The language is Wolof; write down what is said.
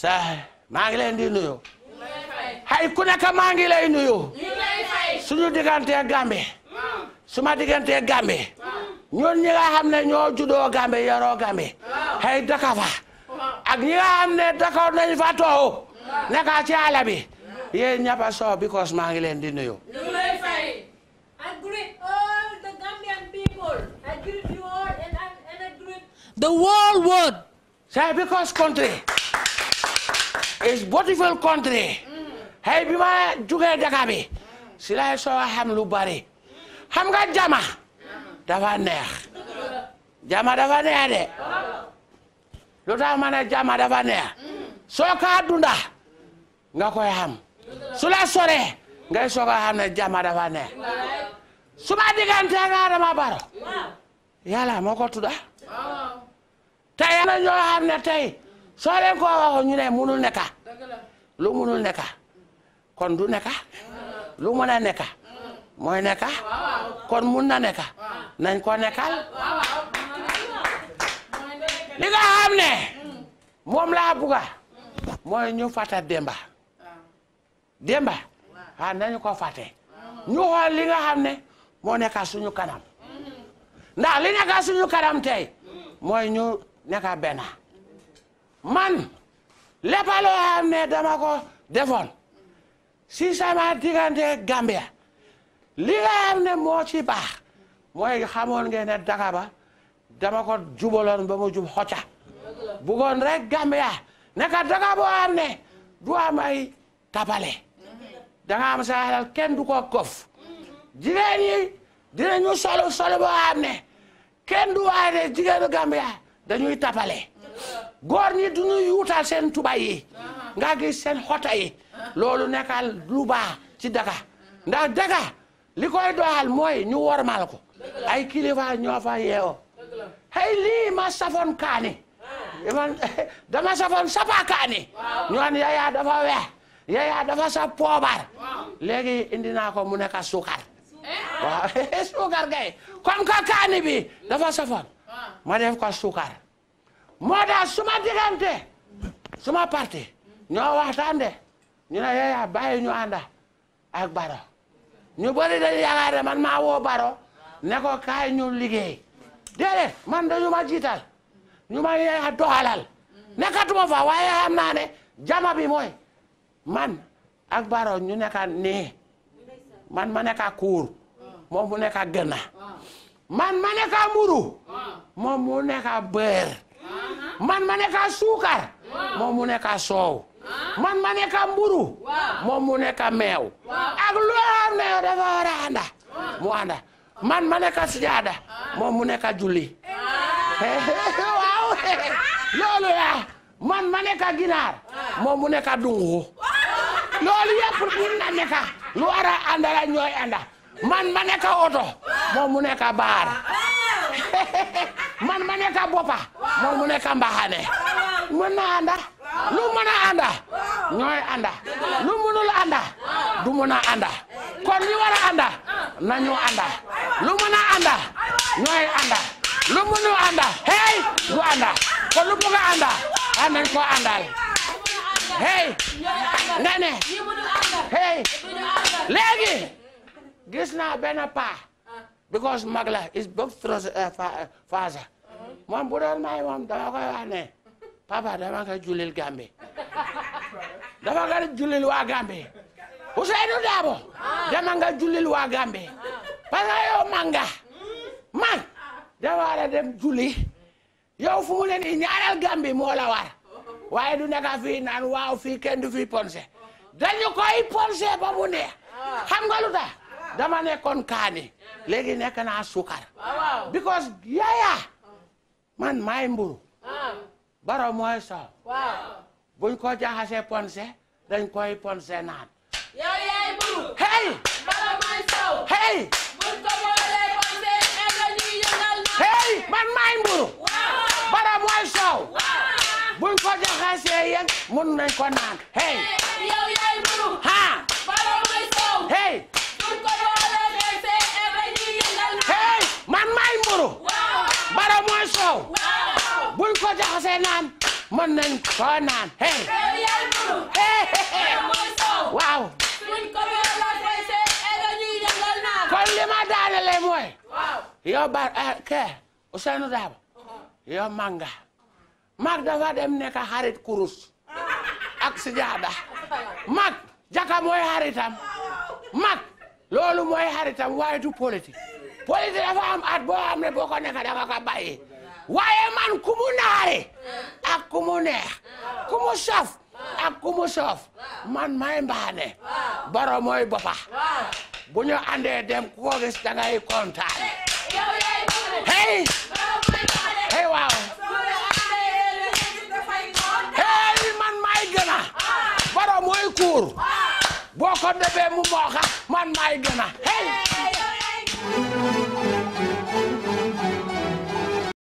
saa maa ngi leen di nuyu. xay ku nekk maa ngi lay nuyu. suñu diggante Gambe. suma diggante Gambe. ñun ñi nga xam ne ñoo juddoo Gambe yaroo Gambe. xay daka fa. ak ñi nga xam ne dakaw fa toow. nekk ci àll bi. yéen ñëpp a soo because maa ngi leen di nuyu. The whole world. Say because country is beautiful country. xëy bi ma jugee Dakar si laay soo xam lu bari xam nga jama dafa neex jama dafa neex de dunda nga koy xam su la soree ngay soog a xam ne jama dafa neex su diggante nga Adama Barrow yàlla moo ko tudda te am na ñoo xam ne tey soo leen koo waxoon ñu ne munul nekka lu munul nekka kon du nekka lu mën a nekka mooy nekka kon mun na nekka nañ ko nekkal li nga xam ne moom laa buga mooy ñu fàtta demba demba ah nañu ko fàtte ñu xool li nga xam ne moo nekka suñu kanam ndax li nekka suñu kanam tey mooy ñu nekka benn man lépp loo ne dama ko defoon si sama diggante Gambia li nga ne moo ci baax mooy xamoon ngeen ne daga dama ko jubaloon ba mu jub xocca bugoon rek Gambia nekka daga boo ne du am ay danga am sa kenn du ko kof jigéen yi dinañu solu solu boo ne kenn du waay ne jigéenu Gambia dañuy tapale góor ñi du yuutal seen tuba yi nga gis seen xota yi loolu nekkal lu ci daga ndax daga li koy doxal mooy ñu wormal ko ay kilifa ñoo fa yeewoo hey lii ma safoon kaani dama safoon sapa kaani ñoon yaya dafa weex yaya dafa sa poobar léegi indi naa ko mu nekk sukar eh? waaw sukar gay comme que kaani bi dafa safoon ma def ko suukar moo tax suma diggante suma parti ñoo waxtaan ñu ne yeeya bàyyi ñu ànda ak baro ñu bëri dañu yaakaar ne man maa woo baro ne ko kaay ñu liggéey déedéet man dañu ma jiital ñu ma yeeya doxalal nekkatuma fa waaye xam naa ne jama bi mooy man ak baro ñu nekka nii man ma nekka kuur moom mu nekka gënna man ma nekka mburu moom mu nekk man ma nekk suukar moom mu soow man ma nekk a mburu moom mu meew ak lu xam ne dafa war a ànda mu ànda man ma nekk sijaada moom mu nekk a julli loolu ya man ma nekk a ginaar moom mu dungu loolu yëpp mun na nekk lu war a ànda ñooy ànda man ma nekk oto moom mu baar man ma a boppa moom mu nekk a mbaxane mën na anda lu mën anda ñooy anda lu mënul anda du mën anda kon li war a anda anda lu mën anda ñooy anda lu mënul anda hey du anda kon lu bëgg anda an nañ ko andal hey nga ne hey gis naa benn paa because magla is both throws eh, eh, faasa moom bu doon moom dama koy wax papa dama koy julil Gambie dama koy julil waa Gambie Ousseynou Dabo dama nga julil waa Gambie parce que manga man dama war a dem julli yow fu mu moo la war waaye du nekk fii naan waaw fii kenn fii ponse dañu koy ponse ba mu neex xam lu tax dama nekkoon kaani léegi nekk naa sukar ah, because yaya man maay mburu ah. baro mooy soow buñ ko jaxasee ponse dañ koy ponse naan ko boolee ponse naan la ñuy yëngal naan man maay mburu baro mooy soow buñ ko jaxasee yëng mun nañ ko naan hey mën nañ koo naan hey. réew waaw. suñ ko mën la koy seet et dañuy yëngal naan. kon li ma daanalee mooy. waaw yow ba eh, ke Ousseynou Daba. yow Manga. mag dafa dem nekk xarit kurus. ak sijaada. mag jaka mooy xaritam. mag loolu mooy xaritam waaye du politique. dafa am at boo xam ne boo ko nekk da nga ko bàyyi. waaye man ku mu ak ku neex ku mu ak ku mu man may mbaane boro mooy boppa bu ñu andee dem ku ko gis da ngay kontaan hey hey waaw hey man may gëna boro mooy kuur boo ko debee mu mooxa man may gëna hey